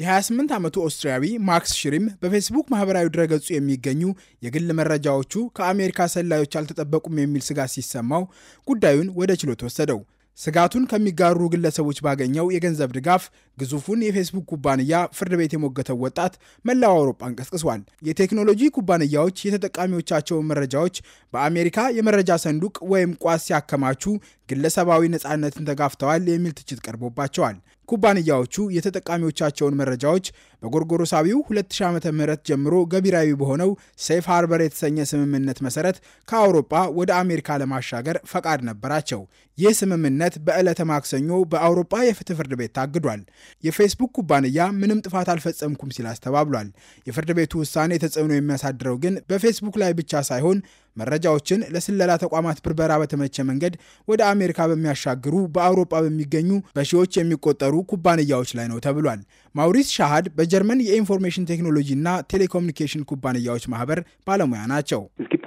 የ28 ዓመቱ ኦስትሪያዊ ማክስ ሽሪም በፌስቡክ ማህበራዊ ድረገጹ የሚገኙ የግል መረጃዎቹ ከአሜሪካ ሰላዮች አልተጠበቁም የሚል ስጋት ሲሰማው ጉዳዩን ወደ ችሎት ወሰደው። ስጋቱን ከሚጋሩ ግለሰቦች ባገኘው የገንዘብ ድጋፍ ግዙፉን የፌስቡክ ኩባንያ ፍርድ ቤት የሞገተው ወጣት መላው አውሮፓን ቀስቅሷል። የቴክኖሎጂ ኩባንያዎች የተጠቃሚዎቻቸውን መረጃዎች በአሜሪካ የመረጃ ሰንዱቅ ወይም ቋስ ሲያከማቹ ግለሰባዊ ነፃነትን ተጋፍተዋል የሚል ትችት ቀርቦባቸዋል። ኩባንያዎቹ የተጠቃሚዎቻቸውን መረጃዎች በጎርጎሮሳዊው 2000 ዓ ም ጀምሮ ገቢራዊ በሆነው ሴፍ ሃርበር የተሰኘ ስምምነት መሰረት ከአውሮጳ ወደ አሜሪካ ለማሻገር ፈቃድ ነበራቸው። ይህ ስምምነት በዕለተ ማክሰኞ በአውሮጳ የፍትህ ፍርድ ቤት ታግዷል። የፌስቡክ ኩባንያ ምንም ጥፋት አልፈጸምኩም ሲል አስተባብሏል። የፍርድ ቤቱ ውሳኔ ተጽዕኖ የሚያሳድረው ግን በፌስቡክ ላይ ብቻ ሳይሆን መረጃዎችን ለስለላ ተቋማት ብርበራ በተመቸ መንገድ ወደ አሜሪካ በሚያሻግሩ በአውሮፓ በሚገኙ በሺዎች የሚቆጠሩ ኩባንያዎች ላይ ነው ተብሏል። ማውሪስ ሻሃድ በጀርመን የኢንፎርሜሽን ቴክኖሎጂ እና ቴሌኮሙኒኬሽን ኩባንያዎች ማህበር ባለሙያ ናቸው።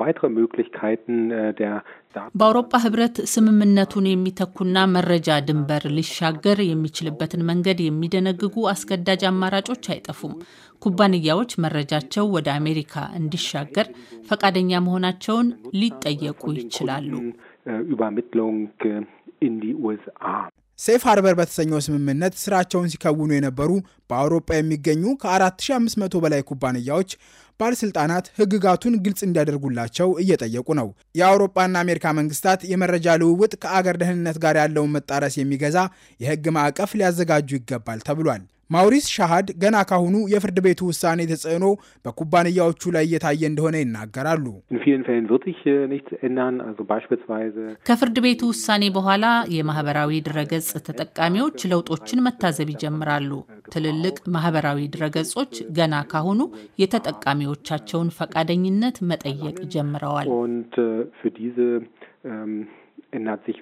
äh, በአውሮፓ ህብረት ስምምነቱን የሚተኩና መረጃ ድንበር ሊሻገር የሚችልበትን መንገድ የሚደነግጉ አስገዳጅ አማራጮች አይጠፉም። ኩባንያዎች መረጃቸው ወደ አሜሪካ እንዲሻገር ፈቃደኛ መሆናቸውን ሊጠየቁ ይችላሉ። ሴፍ ሃርበር በተሰኘው ስምምነት ስራቸውን ሲከውኑ የነበሩ በአውሮፓ የሚገኙ ከ4500 በላይ ኩባንያዎች ባለሥልጣናት ሕግጋቱን ግልጽ እንዲያደርጉላቸው እየጠየቁ ነው። የአውሮፓና አሜሪካ መንግስታት የመረጃ ልውውጥ ከአገር ደህንነት ጋር ያለውን መጣረስ የሚገዛ የሕግ ማዕቀፍ ሊያዘጋጁ ይገባል ተብሏል። ማውሪስ ሻሃድ ገና ካሁኑ የፍርድ ቤቱ ውሳኔ ተጽዕኖ በኩባንያዎቹ ላይ እየታየ እንደሆነ ይናገራሉ። ከፍርድ ቤቱ ውሳኔ በኋላ የማህበራዊ ድረገጽ ተጠቃሚዎች ለውጦችን መታዘብ ይጀምራሉ። ትልልቅ ማህበራዊ ድረገጾች ገና ካሁኑ የተጠቃሚዎቻቸውን ፈቃደኝነት መጠየቅ ጀምረዋል። እናት sich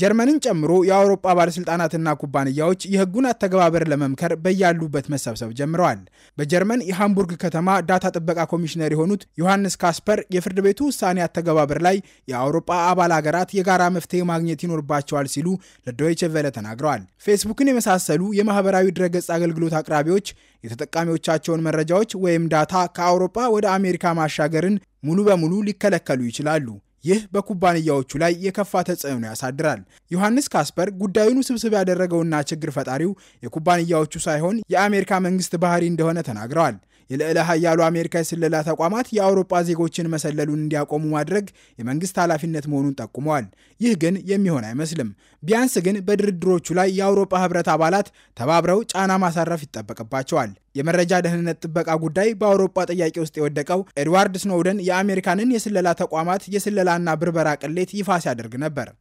ጀርመንን ጨምሮ የአውሮፓ ባለስልጣናትና ኩባንያዎች የህጉን አተገባበር ለመምከር በያሉበት መሰብሰብ ጀምረዋል። በጀርመን የሃምቡርግ ከተማ ዳታ ጥበቃ ኮሚሽነር የሆኑት ዮሐንስ ካስፐር የፍርድ ቤቱ ውሳኔ አተገባበር ላይ የአውሮፓ አባል ሀገራት የጋራ መፍትሄ ማግኘት ይኖርባቸዋል ሲሉ ለዶይቸ ቬለ ተናግረዋል። ፌስቡክን የመሳሰሉ የማህበራዊ ድረገጽ አገልግሎት አቅራቢዎች የተጠቃሚዎቻቸውን መረጃዎች ወይም ዳታ ከአውሮፓ ወደ አሜሪካ ማሻገርን ሙሉ በሙሉ ሊከለከሉ ይችላሉ። ይህ በኩባንያዎቹ ላይ የከፋ ተጽዕኖ ያሳድራል። ዮሐንስ ካስፐር ጉዳዩን ውስብስብ ያደረገውና ችግር ፈጣሪው የኩባንያዎቹ ሳይሆን የአሜሪካ መንግስት ባህሪ እንደሆነ ተናግረዋል። የልዕለ ኃያሉ አሜሪካ የስለላ ተቋማት የአውሮፓ ዜጎችን መሰለሉን እንዲያቆሙ ማድረግ የመንግስት ኃላፊነት መሆኑን ጠቁመዋል። ይህ ግን የሚሆን አይመስልም። ቢያንስ ግን በድርድሮቹ ላይ የአውሮፓ ህብረት አባላት ተባብረው ጫና ማሳረፍ ይጠበቅባቸዋል። የመረጃ ደህንነት ጥበቃ ጉዳይ በአውሮፓ ጥያቄ ውስጥ የወደቀው ኤድዋርድ ስኖውደን የአሜሪካንን የስለላ ተቋማት የስለላና ብርበራ ቅሌት ይፋ ሲያደርግ ነበር።